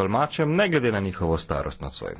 tolmačem, ne glede na njihovo starost nad svojim.